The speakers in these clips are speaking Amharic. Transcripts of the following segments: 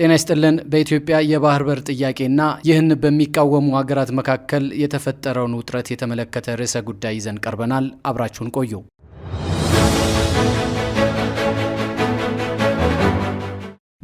ጤና ይስጥልን። በኢትዮጵያ የባህር በር ጥያቄና ይህን በሚቃወሙ ሀገራት መካከል የተፈጠረውን ውጥረት የተመለከተ ርዕሰ ጉዳይ ይዘን ቀርበናል። አብራችሁን ቆዩ።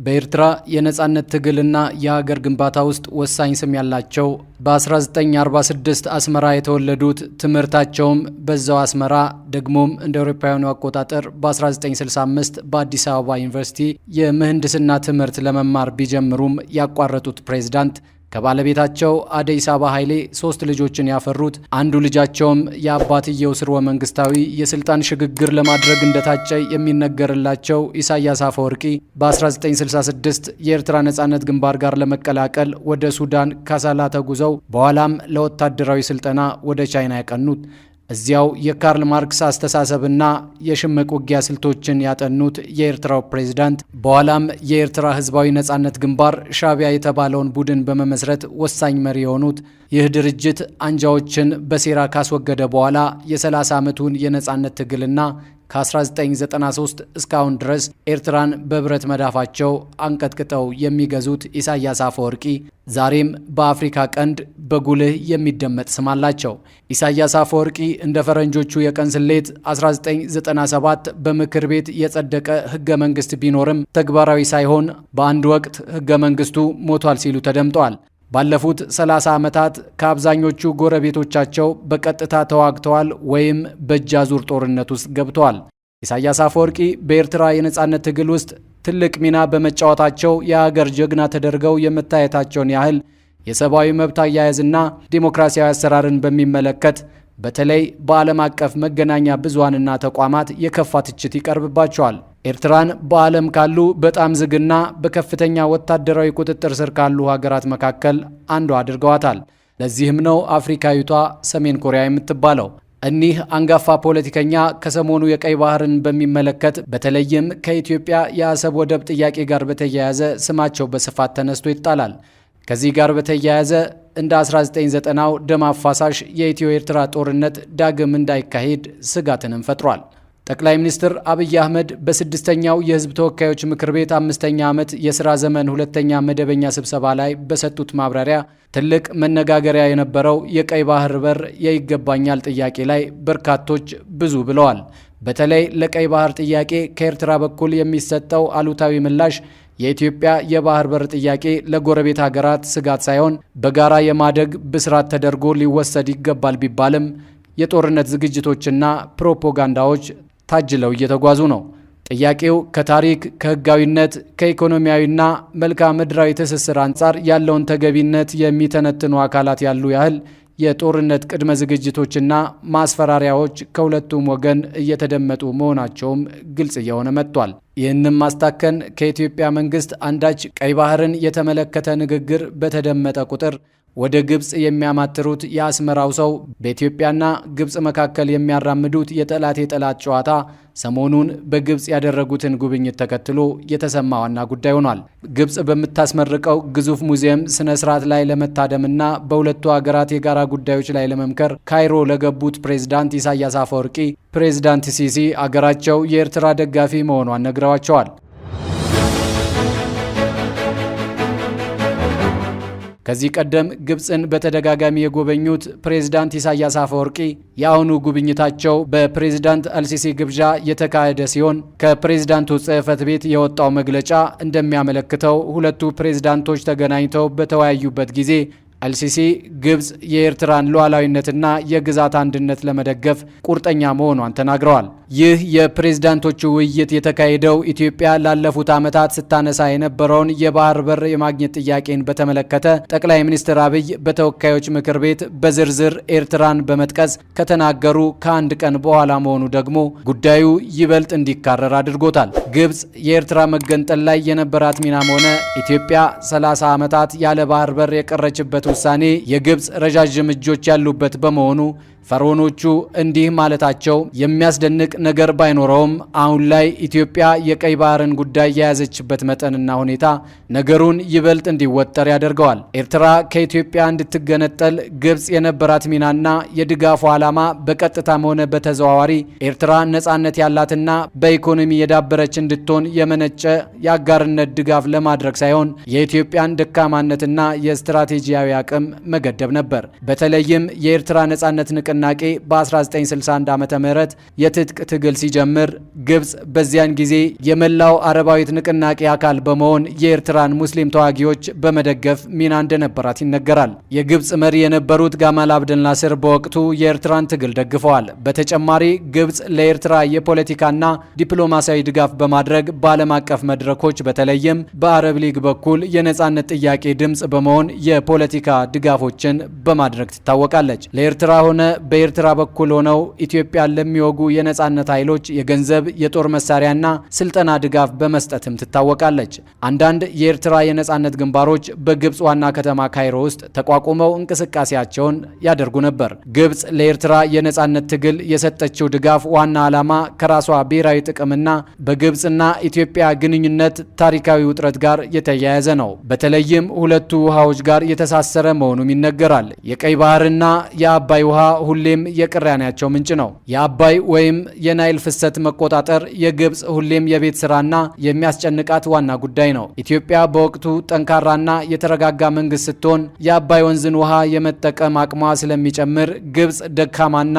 በኤርትራ የነጻነት ትግልና የሀገር ግንባታ ውስጥ ወሳኝ ስም ያላቸው በ1946 አስመራ የተወለዱት ትምህርታቸውም በዛው አስመራ ደግሞም እንደ አውሮፓውያኑ አቆጣጠር በ1965 በአዲስ አበባ ዩኒቨርሲቲ የምህንድስና ትምህርት ለመማር ቢጀምሩም ያቋረጡት ፕሬዝዳንት ከባለቤታቸው አደይ ሳባ ኃይሌ ሶስት ልጆችን ያፈሩት አንዱ ልጃቸውም የአባትየው ስርወ መንግስታዊ የስልጣን ሽግግር ለማድረግ እንደታጨ የሚነገርላቸው ኢሳያስ አፈወርቂ በ1966 የኤርትራ ነጻነት ግንባር ጋር ለመቀላቀል ወደ ሱዳን ካሳላ ተጉዘው በኋላም ለወታደራዊ ስልጠና ወደ ቻይና ያቀኑት እዚያው የካርል ማርክስ አስተሳሰብና የሽምቅ ውጊያ ስልቶችን ያጠኑት የኤርትራው ፕሬዝዳንት በኋላም የኤርትራ ህዝባዊ ነጻነት ግንባር ሻቢያ የተባለውን ቡድን በመመስረት ወሳኝ መሪ የሆኑት ይህ ድርጅት አንጃዎችን በሴራ ካስወገደ በኋላ የ30 ዓመቱን የነጻነት ትግልና ከ1993 እስካሁን ድረስ ኤርትራን በብረት መዳፋቸው አንቀጥቅጠው የሚገዙት ኢሳያስ አፈወርቂ ዛሬም በአፍሪካ ቀንድ በጉልህ የሚደመጥ ስም አላቸው። ኢሳያስ አፈወርቂ እንደ ፈረንጆቹ የቀን ስሌት 1997 በምክር ቤት የጸደቀ ህገ መንግስት ቢኖርም ተግባራዊ ሳይሆን በአንድ ወቅት ህገ መንግስቱ ሞቷል ሲሉ ተደምጠዋል። ባለፉት 30 ዓመታት ከአብዛኞቹ ጎረቤቶቻቸው በቀጥታ ተዋግተዋል ወይም በእጅ አዙር ጦርነት ውስጥ ገብተዋል። ኢሳያስ አፈወርቂ በኤርትራ የነፃነት ትግል ውስጥ ትልቅ ሚና በመጫወታቸው የአገር ጀግና ተደርገው የመታየታቸውን ያህል የሰብአዊ መብት አያያዝና ዲሞክራሲያዊ አሰራርን በሚመለከት በተለይ በዓለም አቀፍ መገናኛ ብዙሃንና ተቋማት የከፋ ትችት ይቀርብባቸዋል። ኤርትራን በዓለም ካሉ በጣም ዝግና በከፍተኛ ወታደራዊ ቁጥጥር ስር ካሉ ሀገራት መካከል አንዷ አድርገዋታል። ለዚህም ነው አፍሪካዊቷ ሰሜን ኮሪያ የምትባለው። እኒህ አንጋፋ ፖለቲከኛ ከሰሞኑ የቀይ ባህርን በሚመለከት በተለይም ከኢትዮጵያ የአሰብ ወደብ ጥያቄ ጋር በተያያዘ ስማቸው በስፋት ተነስቶ ይጣላል። ከዚህ ጋር በተያያዘ እንደ 1990ው ደም አፋሳሽ የኢትዮ ኤርትራ ጦርነት ዳግም እንዳይካሄድ ስጋትንም ፈጥሯል። ጠቅላይ ሚኒስትር አብይ አህመድ በስድስተኛው የሕዝብ ተወካዮች ምክር ቤት አምስተኛ ዓመት የሥራ ዘመን ሁለተኛ መደበኛ ስብሰባ ላይ በሰጡት ማብራሪያ ትልቅ መነጋገሪያ የነበረው የቀይ ባህር በር የይገባኛል ጥያቄ ላይ በርካቶች ብዙ ብለዋል። በተለይ ለቀይ ባህር ጥያቄ ከኤርትራ በኩል የሚሰጠው አሉታዊ ምላሽ የኢትዮጵያ የባህር በር ጥያቄ ለጎረቤት ሀገራት ስጋት ሳይሆን በጋራ የማደግ ብስራት ተደርጎ ሊወሰድ ይገባል ቢባልም የጦርነት ዝግጅቶችና ፕሮፓጋንዳዎች ታጅለው እየተጓዙ ነው። ጥያቄው ከታሪክ ከሕጋዊነት ከኢኮኖሚያዊና መልክዓ ምድራዊ ትስስር አንጻር ያለውን ተገቢነት የሚተነትኑ አካላት ያሉ ያህል የጦርነት ቅድመ ዝግጅቶችና ማስፈራሪያዎች ከሁለቱም ወገን እየተደመጡ መሆናቸውም ግልጽ እየሆነ መጥቷል። ይህንም ማስታከን ከኢትዮጵያ መንግስት አንዳች ቀይ ባህርን የተመለከተ ንግግር በተደመጠ ቁጥር ወደ ግብፅ የሚያማትሩት የአስመራው ሰው በኢትዮጵያና ግብፅ መካከል የሚያራምዱት የጠላት የጠላት ጨዋታ ሰሞኑን በግብፅ ያደረጉትን ጉብኝት ተከትሎ የተሰማ ዋና ጉዳይ ሆኗል። ግብፅ በምታስመርቀው ግዙፍ ሙዚየም ስነ ስርዓት ላይ ለመታደምና በሁለቱ ሀገራት የጋራ ጉዳዮች ላይ ለመምከር ካይሮ ለገቡት ፕሬዝዳንት ኢሳያስ አፈወርቂ ፕሬዝዳንት ሲሲ አገራቸው የኤርትራ ደጋፊ መሆኗን ነግረዋቸዋል። ከዚህ ቀደም ግብፅን በተደጋጋሚ የጎበኙት ፕሬዝዳንት ኢሳያስ አፈወርቂ የአሁኑ ጉብኝታቸው በፕሬዝዳንት አልሲሲ ግብዣ የተካሄደ ሲሆን ከፕሬዝዳንቱ ጽህፈት ቤት የወጣው መግለጫ እንደሚያመለክተው ሁለቱ ፕሬዝዳንቶች ተገናኝተው በተወያዩበት ጊዜ አልሲሲ ግብጽ የኤርትራን ሉዓላዊነትና የግዛት አንድነት ለመደገፍ ቁርጠኛ መሆኗን ተናግረዋል። ይህ የፕሬዝዳንቶቹ ውይይት የተካሄደው ኢትዮጵያ ላለፉት ዓመታት ስታነሳ የነበረውን የባህር በር የማግኘት ጥያቄን በተመለከተ ጠቅላይ ሚኒስትር አብይ በተወካዮች ምክር ቤት በዝርዝር ኤርትራን በመጥቀስ ከተናገሩ ከአንድ ቀን በኋላ መሆኑ ደግሞ ጉዳዩ ይበልጥ እንዲካረር አድርጎታል። ግብጽ የኤርትራ መገንጠል ላይ የነበራት ሚናም ሆነ ኢትዮጵያ 30 ዓመታት ያለ ባህር በር የቀረችበት ውሳኔ የግብፅ ረዣዥም እጆች ያሉበት በመሆኑ ፈርዖኖቹ እንዲህ ማለታቸው የሚያስደንቅ ነገር ባይኖረውም አሁን ላይ ኢትዮጵያ የቀይ ባህርን ጉዳይ የያዘችበት መጠንና ሁኔታ ነገሩን ይበልጥ እንዲወጠር ያደርገዋል። ኤርትራ ከኢትዮጵያ እንድትገነጠል ግብፅ የነበራት ሚናና የድጋፉ ዓላማ በቀጥታም ሆነ በተዘዋዋሪ ኤርትራ ነፃነት ያላትና በኢኮኖሚ የዳበረች እንድትሆን የመነጨ የአጋርነት ድጋፍ ለማድረግ ሳይሆን የኢትዮጵያን ደካማነትና የስትራቴጂያዊ አቅም መገደብ ነበር። በተለይም የኤርትራ ነፃነት ንቅ ንቅናቄ በ1961 ዓ ም የትጥቅ ትግል ሲጀምር ግብፅ በዚያን ጊዜ የመላው አረባዊት ንቅናቄ አካል በመሆን የኤርትራን ሙስሊም ተዋጊዎች በመደገፍ ሚና እንደነበራት ይነገራል። የግብፅ መሪ የነበሩት ጋማል አብደልናስር በወቅቱ የኤርትራን ትግል ደግፈዋል። በተጨማሪ ግብፅ ለኤርትራ የፖለቲካና ዲፕሎማሲያዊ ድጋፍ በማድረግ በዓለም አቀፍ መድረኮች በተለይም በአረብ ሊግ በኩል የነፃነት ጥያቄ ድምፅ በመሆን የፖለቲካ ድጋፎችን በማድረግ ትታወቃለች። ለኤርትራ ሆነ በኤርትራ በኩል ሆነው ኢትዮጵያን ለሚወጉ የነጻነት ኃይሎች የገንዘብ የጦር መሳሪያና ስልጠና ድጋፍ በመስጠትም ትታወቃለች። አንዳንድ የኤርትራ የነጻነት ግንባሮች በግብፅ ዋና ከተማ ካይሮ ውስጥ ተቋቁመው እንቅስቃሴያቸውን ያደርጉ ነበር። ግብፅ ለኤርትራ የነጻነት ትግል የሰጠችው ድጋፍ ዋና ዓላማ ከራሷ ብሔራዊ ጥቅምና በግብፅና ኢትዮጵያ ግንኙነት ታሪካዊ ውጥረት ጋር የተያያዘ ነው። በተለይም ሁለቱ ውሃዎች ጋር የተሳሰረ መሆኑም ይነገራል። የቀይ ባህርና የአባይ ውሃ ሁሌም የቅራኔያቸው ምንጭ ነው። የአባይ ወይም የናይል ፍሰት መቆጣጠር የግብፅ ሁሌም የቤት ስራና የሚያስጨንቃት ዋና ጉዳይ ነው። ኢትዮጵያ በወቅቱ ጠንካራና የተረጋጋ መንግስት ስትሆን የአባይ ወንዝን ውሃ የመጠቀም አቅሟ ስለሚጨምር ግብፅ ደካማና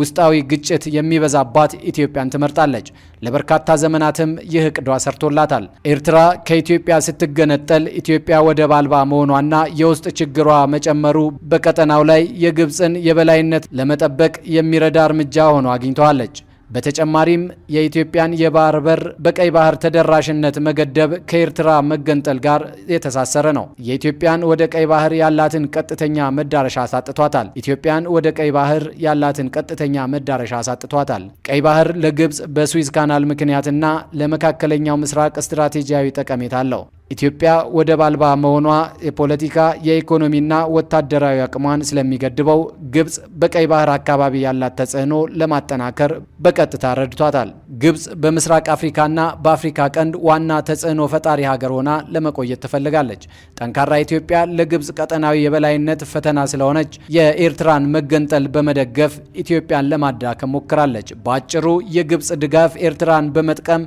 ውስጣዊ ግጭት የሚበዛባት ኢትዮጵያን ትመርጣለች። ለበርካታ ዘመናትም ይህ ቅዷ ሰርቶላታል። ኤርትራ ከኢትዮጵያ ስትገነጠል ኢትዮጵያ ወደብ አልባ መሆኗና የውስጥ ችግሯ መጨመሩ በቀጠናው ላይ የግብፅን የበላይነት ለመጠበቅ የሚረዳ እርምጃ ሆኖ አግኝተዋለች። በተጨማሪም የኢትዮጵያን የባህር በር በቀይ ባህር ተደራሽነት መገደብ ከኤርትራ መገንጠል ጋር የተሳሰረ ነው። የኢትዮጵያን ወደ ቀይ ባህር ያላትን ቀጥተኛ መዳረሻ አሳጥቷታል። ኢትዮጵያን ወደ ቀይ ባህር ያላትን ቀጥተኛ መዳረሻ አሳጥቷታል። ቀይ ባህር ለግብፅ በስዊዝ ካናል ምክንያትና ለመካከለኛው ምስራቅ ስትራቴጂያዊ ጠቀሜታ አለው። ኢትዮጵያ ወደብ አልባ መሆኗ የፖለቲካ የኢኮኖሚና ወታደራዊ አቅሟን ስለሚገድበው ግብፅ በቀይ ባህር አካባቢ ያላት ተጽዕኖ ለማጠናከር በቀጥታ ረድቷታል። ግብፅ በምስራቅ አፍሪካና በአፍሪካ ቀንድ ዋና ተጽዕኖ ፈጣሪ ሀገር ሆና ለመቆየት ትፈልጋለች። ጠንካራ ኢትዮጵያ ለግብፅ ቀጠናዊ የበላይነት ፈተና ስለሆነች የኤርትራን መገንጠል በመደገፍ ኢትዮጵያን ለማዳከም ሞክራለች። በአጭሩ የግብፅ ድጋፍ ኤርትራን በመጥቀም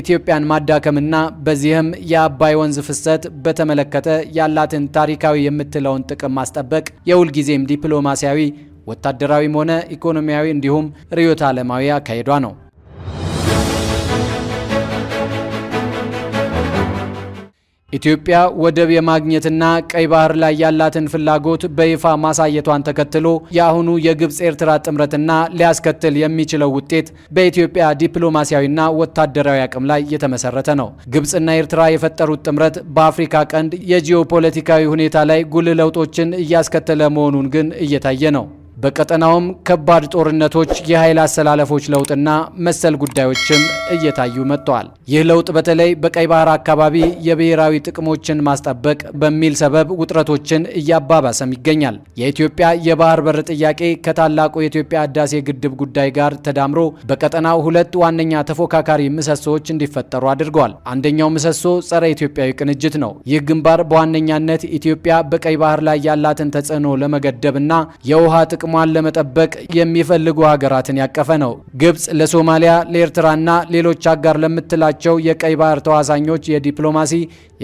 ኢትዮጵያን ማዳከምና በዚህም የአባይ ወንዝ ፍሰት በተመለከተ ያላትን ታሪካዊ የምትለውን ጥቅም ማስጠበቅ የሁልጊዜም ዲፕሎማሲያዊ ወታደራዊም ሆነ ኢኮኖሚያዊ እንዲሁም ርዕዮተ ዓለማዊ አካሄዷ ነው። ኢትዮጵያ ወደብ የማግኘትና ቀይ ባህር ላይ ያላትን ፍላጎት በይፋ ማሳየቷን ተከትሎ የአሁኑ የግብፅ ኤርትራ ጥምረትና ሊያስከትል የሚችለው ውጤት በኢትዮጵያ ዲፕሎማሲያዊና ወታደራዊ አቅም ላይ የተመሰረተ ነው። ግብፅና ኤርትራ የፈጠሩት ጥምረት በአፍሪካ ቀንድ የጂኦፖለቲካዊ ሁኔታ ላይ ጉልህ ለውጦችን እያስከተለ መሆኑን ግን እየታየ ነው። በቀጠናውም ከባድ ጦርነቶች፣ የኃይል አሰላለፎች ለውጥና መሰል ጉዳዮችም እየታዩ መጥተዋል። ይህ ለውጥ በተለይ በቀይ ባህር አካባቢ የብሔራዊ ጥቅሞችን ማስጠበቅ በሚል ሰበብ ውጥረቶችን እያባባሰም ይገኛል። የኢትዮጵያ የባህር በር ጥያቄ ከታላቁ የኢትዮጵያ ህዳሴ ግድብ ጉዳይ ጋር ተዳምሮ በቀጠናው ሁለት ዋነኛ ተፎካካሪ ምሰሶዎች እንዲፈጠሩ አድርገዋል። አንደኛው ምሰሶ ጸረ ኢትዮጵያዊ ቅንጅት ነው። ይህ ግንባር በዋነኛነት ኢትዮጵያ በቀይ ባህር ላይ ያላትን ተጽዕኖ ለመገደብ እና የውሃ ጥቅሞ ጥቅሟን ለመጠበቅ የሚፈልጉ ሀገራትን ያቀፈ ነው። ግብጽ ለሶማሊያ፣ ለኤርትራና ሌሎች አጋር ለምትላቸው የቀይ ባህር ተዋሳኞች የዲፕሎማሲ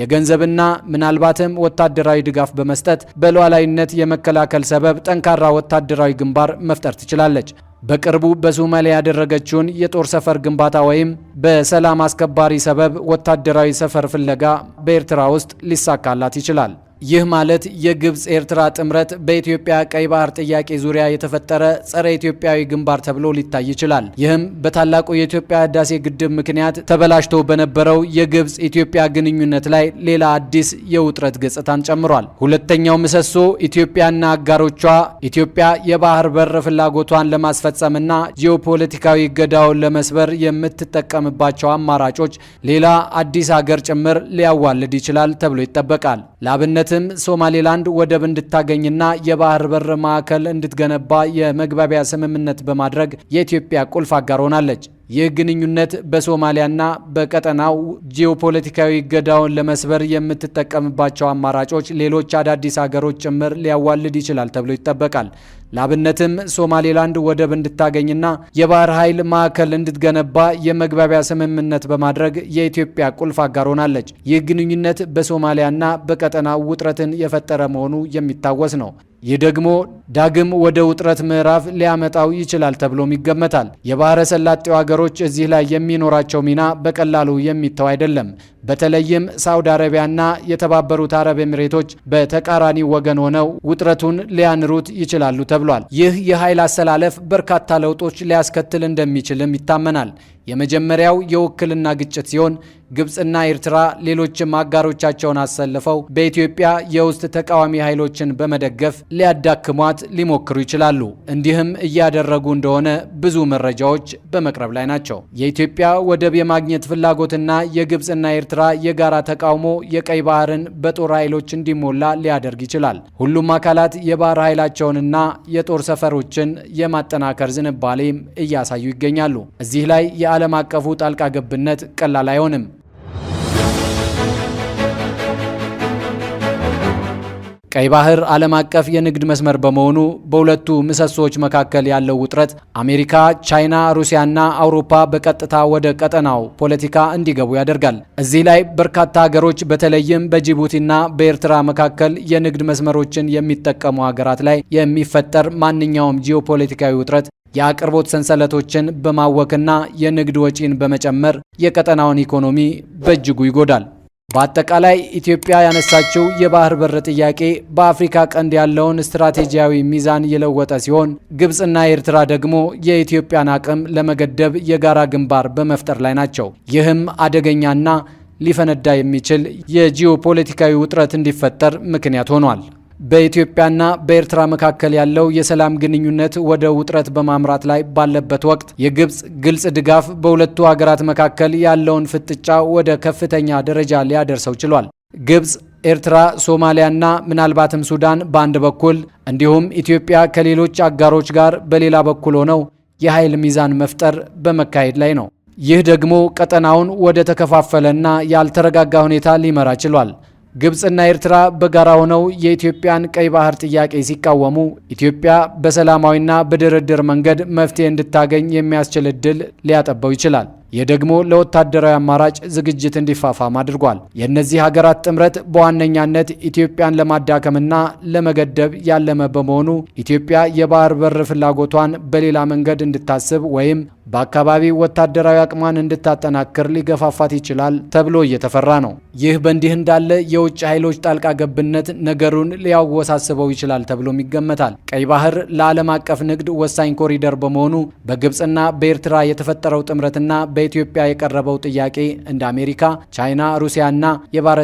የገንዘብና ምናልባትም ወታደራዊ ድጋፍ በመስጠት በሉዓላዊነት የመከላከል ሰበብ ጠንካራ ወታደራዊ ግንባር መፍጠር ትችላለች። በቅርቡ በሶማሊያ ያደረገችውን የጦር ሰፈር ግንባታ ወይም በሰላም አስከባሪ ሰበብ ወታደራዊ ሰፈር ፍለጋ በኤርትራ ውስጥ ሊሳካላት ይችላል። ይህ ማለት የግብፅ ኤርትራ ጥምረት በኢትዮጵያ ቀይ ባህር ጥያቄ ዙሪያ የተፈጠረ ጸረ ኢትዮጵያዊ ግንባር ተብሎ ሊታይ ይችላል። ይህም በታላቁ የኢትዮጵያ ህዳሴ ግድብ ምክንያት ተበላሽቶ በነበረው የግብፅ ኢትዮጵያ ግንኙነት ላይ ሌላ አዲስ የውጥረት ገጽታን ጨምሯል። ሁለተኛው ምሰሶ ኢትዮጵያና አጋሮቿ ኢትዮጵያ የባህር በር ፍላጎቷን ለማስፈጸምና ጂኦፖለቲካዊ እገዳውን ለመስበር የምትጠቀምባቸው አማራጮች ሌላ አዲስ ሀገር ጭምር ሊያዋልድ ይችላል ተብሎ ይጠበቃል። ለአብነትም ሶማሌላንድ ወደብ እንድታገኝና የባህር በር ማዕከል እንድትገነባ የመግባቢያ ስምምነት በማድረግ የኢትዮጵያ ቁልፍ አጋር ሆናለች። ይህ ግንኙነት በሶማሊያና በቀጠናው ጂኦፖለቲካዊ እገዳውን ለመስበር የምትጠቀምባቸው አማራጮች ሌሎች አዳዲስ ሀገሮች ጭምር ሊያዋልድ ይችላል ተብሎ ይጠበቃል። ለአብነትም ሶማሌላንድ ወደብ እንድታገኝና የባህር ኃይል ማዕከል እንድትገነባ የመግባቢያ ስምምነት በማድረግ የኢትዮጵያ ቁልፍ አጋር ሆናለች። ይህ ግንኙነት በሶማሊያና በቀጠናው ውጥረትን የፈጠረ መሆኑ የሚታወስ ነው። ይህ ደግሞ ዳግም ወደ ውጥረት ምዕራፍ ሊያመጣው ይችላል ተብሎም ይገመታል። የባህረ ሰላጤው ሀገሮች እዚህ ላይ የሚኖራቸው ሚና በቀላሉ የሚተው አይደለም። በተለይም ሳውዲ አረቢያና የተባበሩት አረብ ኤሚሬቶች በተቃራኒ ወገን ሆነው ውጥረቱን ሊያንሩት ይችላሉ ተብሏል። ተብሏል። ይህ የኃይል አሰላለፍ በርካታ ለውጦች ሊያስከትል እንደሚችልም ይታመናል። የመጀመሪያው የውክልና ግጭት ሲሆን ግብፅና ኤርትራ ሌሎችም አጋሮቻቸውን አሰልፈው በኢትዮጵያ የውስጥ ተቃዋሚ ኃይሎችን በመደገፍ ሊያዳክሟት ሊሞክሩ ይችላሉ። እንዲህም እያደረጉ እንደሆነ ብዙ መረጃዎች በመቅረብ ላይ ናቸው። የኢትዮጵያ ወደብ የማግኘት ፍላጎትና የግብፅና ኤርትራ የጋራ ተቃውሞ የቀይ ባህርን በጦር ኃይሎች እንዲሞላ ሊያደርግ ይችላል። ሁሉም አካላት የባህር ኃይላቸውንና የጦር ሰፈሮችን የማጠናከር ዝንባሌም እያሳዩ ይገኛሉ። እዚህ ላይ ዓለም አቀፉ ጣልቃ ገብነት ቀላል አይሆንም። ቀይ ባህር ዓለም አቀፍ የንግድ መስመር በመሆኑ በሁለቱ ምሰሶዎች መካከል ያለው ውጥረት አሜሪካ፣ ቻይና፣ ሩሲያና አውሮፓ በቀጥታ ወደ ቀጠናው ፖለቲካ እንዲገቡ ያደርጋል። እዚህ ላይ በርካታ ሀገሮች በተለይም በጅቡቲና በኤርትራ መካከል የንግድ መስመሮችን የሚጠቀሙ ሀገራት ላይ የሚፈጠር ማንኛውም ጂኦፖለቲካዊ ውጥረት የአቅርቦት ሰንሰለቶችን በማወክና የንግድ ወጪን በመጨመር የቀጠናውን ኢኮኖሚ በእጅጉ ይጎዳል። በአጠቃላይ ኢትዮጵያ ያነሳችው የባህር በር ጥያቄ በአፍሪካ ቀንድ ያለውን ስትራቴጂያዊ ሚዛን የለወጠ ሲሆን፣ ግብፅና ኤርትራ ደግሞ የኢትዮጵያን አቅም ለመገደብ የጋራ ግንባር በመፍጠር ላይ ናቸው። ይህም አደገኛና ሊፈነዳ የሚችል የጂኦፖለቲካዊ ውጥረት እንዲፈጠር ምክንያት ሆኗል። በኢትዮጵያና በኤርትራ መካከል ያለው የሰላም ግንኙነት ወደ ውጥረት በማምራት ላይ ባለበት ወቅት የግብፅ ግልጽ ድጋፍ በሁለቱ ሀገራት መካከል ያለውን ፍጥጫ ወደ ከፍተኛ ደረጃ ሊያደርሰው ችሏል። ግብፅ፣ ኤርትራ፣ ሶማሊያና ምናልባትም ሱዳን በአንድ በኩል እንዲሁም ኢትዮጵያ ከሌሎች አጋሮች ጋር በሌላ በኩል ሆነው የኃይል ሚዛን መፍጠር በመካሄድ ላይ ነው። ይህ ደግሞ ቀጠናውን ወደ ተከፋፈለና ያልተረጋጋ ሁኔታ ሊመራ ችሏል። ግብፅና ኤርትራ በጋራ ሆነው የኢትዮጵያን ቀይ ባህር ጥያቄ ሲቃወሙ ኢትዮጵያ በሰላማዊና በድርድር መንገድ መፍትሄ እንድታገኝ የሚያስችል እድል ሊያጠበው ይችላል። ይህ ደግሞ ለወታደራዊ አማራጭ ዝግጅት እንዲፋፋም አድርጓል። የእነዚህ ሀገራት ጥምረት በዋነኛነት ኢትዮጵያን ለማዳከምና ለመገደብ ያለመ በመሆኑ ኢትዮጵያ የባህር በር ፍላጎቷን በሌላ መንገድ እንድታስብ ወይም በአካባቢው ወታደራዊ አቅሟን እንድታጠናክር ሊገፋፋት ይችላል ተብሎ እየተፈራ ነው። ይህ በእንዲህ እንዳለ የውጭ ኃይሎች ጣልቃ ገብነት ነገሩን ሊያወሳስበው ይችላል ተብሎም ይገመታል። ቀይ ባህር ለዓለም አቀፍ ንግድ ወሳኝ ኮሪደር በመሆኑ በግብፅና በኤርትራ የተፈጠረው ጥምረትና በኢትዮጵያ የቀረበው ጥያቄ እንደ አሜሪካ፣ ቻይና፣ ሩሲያና የባሕረ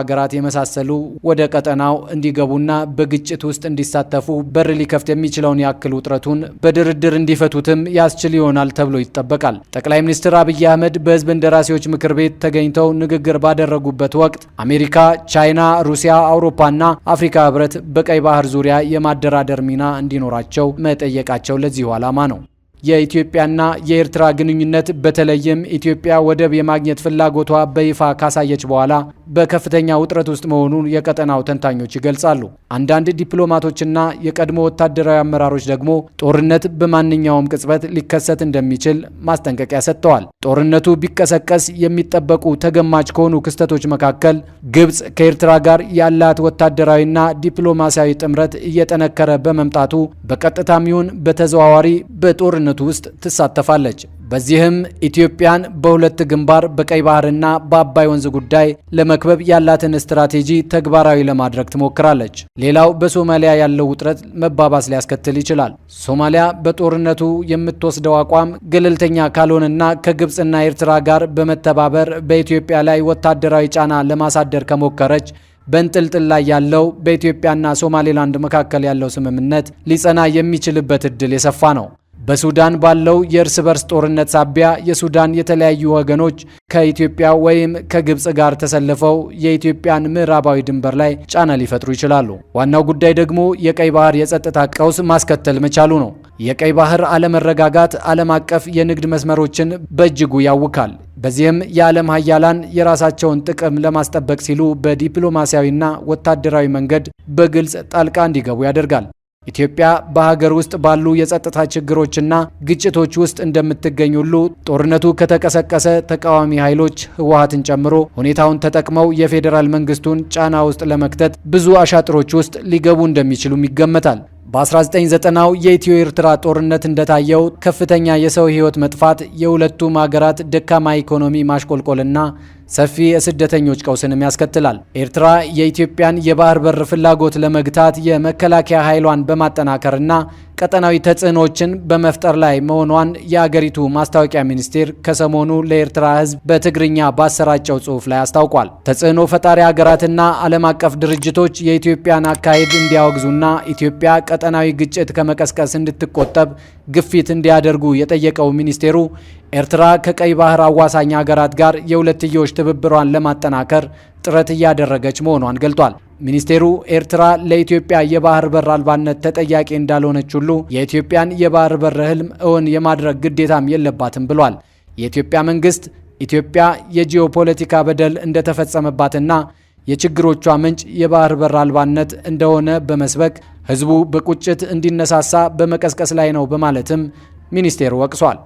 ሀገራት የመሳሰሉ ወደ ቀጠናው እንዲገቡና በግጭት ውስጥ እንዲሳተፉ በር ሊከፍት የሚችለውን ያክል ውጥረቱን በድርድር እንዲፈቱትም ያስችል ይሆናል ተብሎ ይጠበቃል። ጠቅላይ ሚኒስትር አብይ አህመድ በህዝብ እንደራሴዎች ምክር ቤት ተገኝተው ንግግር ባደረጉበት ወቅት አሜሪካ፣ ቻይና፣ ሩሲያ፣ አውሮፓና አፍሪካ ህብረት በቀይ ባህር ዙሪያ የማደራደር ሚና እንዲኖራቸው መጠየቃቸው ለዚሁ ዓላማ ነው። የኢትዮጵያና የኤርትራ ግንኙነት በተለይም ኢትዮጵያ ወደብ የማግኘት ፍላጎቷ በይፋ ካሳየች በኋላ በከፍተኛ ውጥረት ውስጥ መሆኑን የቀጠናው ተንታኞች ይገልጻሉ። አንዳንድ ዲፕሎማቶችና የቀድሞ ወታደራዊ አመራሮች ደግሞ ጦርነት በማንኛውም ቅጽበት ሊከሰት እንደሚችል ማስጠንቀቂያ ሰጥተዋል። ጦርነቱ ቢቀሰቀስ የሚጠበቁ ተገማች ከሆኑ ክስተቶች መካከል ግብጽ ከኤርትራ ጋር ያላት ወታደራዊና ዲፕሎማሲያዊ ጥምረት እየጠነከረ በመምጣቱ በቀጥታም ይሁን በተዘዋዋሪ በጦርነቱ ውስጥ ትሳተፋለች። በዚህም ኢትዮጵያን በሁለት ግንባር በቀይ ባህርና በአባይ ወንዝ ጉዳይ ለመክበብ ያላትን ስትራቴጂ ተግባራዊ ለማድረግ ትሞክራለች። ሌላው በሶማሊያ ያለው ውጥረት መባባስ ሊያስከትል ይችላል። ሶማሊያ በጦርነቱ የምትወስደው አቋም ገለልተኛ ካልሆነና ከግብፅና ኤርትራ ጋር በመተባበር በኢትዮጵያ ላይ ወታደራዊ ጫና ለማሳደር ከሞከረች በእንጥልጥል ላይ ያለው በኢትዮጵያና ሶማሌላንድ መካከል ያለው ስምምነት ሊጸና የሚችልበት እድል የሰፋ ነው። በሱዳን ባለው የእርስ በርስ ጦርነት ሳቢያ የሱዳን የተለያዩ ወገኖች ከኢትዮጵያ ወይም ከግብፅ ጋር ተሰልፈው የኢትዮጵያን ምዕራባዊ ድንበር ላይ ጫና ሊፈጥሩ ይችላሉ። ዋናው ጉዳይ ደግሞ የቀይ ባህር የጸጥታ ቀውስ ማስከተል መቻሉ ነው። የቀይ ባህር አለመረጋጋት ዓለም አቀፍ የንግድ መስመሮችን በእጅጉ ያውካል። በዚህም የዓለም ሀያላን የራሳቸውን ጥቅም ለማስጠበቅ ሲሉ በዲፕሎማሲያዊና ወታደራዊ መንገድ በግልጽ ጣልቃ እንዲገቡ ያደርጋል። ኢትዮጵያ በሀገር ውስጥ ባሉ የጸጥታ ችግሮችና ግጭቶች ውስጥ እንደምትገኝ ሁሉ ጦርነቱ ከተቀሰቀሰ ተቃዋሚ ኃይሎች ህወሀትን ጨምሮ ሁኔታውን ተጠቅመው የፌዴራል መንግስቱን ጫና ውስጥ ለመክተት ብዙ አሻጥሮች ውስጥ ሊገቡ እንደሚችሉም ይገመታል። በ1990ው የኢትዮ ኤርትራ ጦርነት እንደታየው ከፍተኛ የሰው ህይወት መጥፋት፣ የሁለቱም ሀገራት ደካማ ኢኮኖሚ ማሽቆልቆልና ሰፊ የስደተኞች ቀውስንም ያስከትላል። ኤርትራ የኢትዮጵያን የባህር በር ፍላጎት ለመግታት የመከላከያ ኃይሏን በማጠናከርና ቀጠናዊ ተጽዕኖዎችን በመፍጠር ላይ መሆኗን የአገሪቱ ማስታወቂያ ሚኒስቴር ከሰሞኑ ለኤርትራ ሕዝብ በትግርኛ ባሰራጨው ጽሑፍ ላይ አስታውቋል። ተጽዕኖ ፈጣሪ ሀገራትና ዓለም አቀፍ ድርጅቶች የኢትዮጵያን አካሄድ እንዲያወግዙና ኢትዮጵያ ቀጠናዊ ግጭት ከመቀስቀስ እንድትቆጠብ ግፊት እንዲያደርጉ የጠየቀው ሚኒስቴሩ ኤርትራ ከቀይ ባህር አዋሳኝ ሀገራት ጋር የሁለትዮሽ ትብብሯን ለማጠናከር ጥረት እያደረገች መሆኗን ገልጧል። ሚኒስቴሩ ኤርትራ ለኢትዮጵያ የባህር በር አልባነት ተጠያቂ እንዳልሆነች ሁሉ የኢትዮጵያን የባህር በር ህልም እውን የማድረግ ግዴታም የለባትም ብሏል። የኢትዮጵያ መንግስት ኢትዮጵያ የጂኦፖለቲካ በደል እንደተፈጸመባትና የችግሮቿ ምንጭ የባህር በር አልባነት እንደሆነ በመስበክ ህዝቡ በቁጭት እንዲነሳሳ በመቀስቀስ ላይ ነው በማለትም ሚኒስቴሩ ወቅሷል።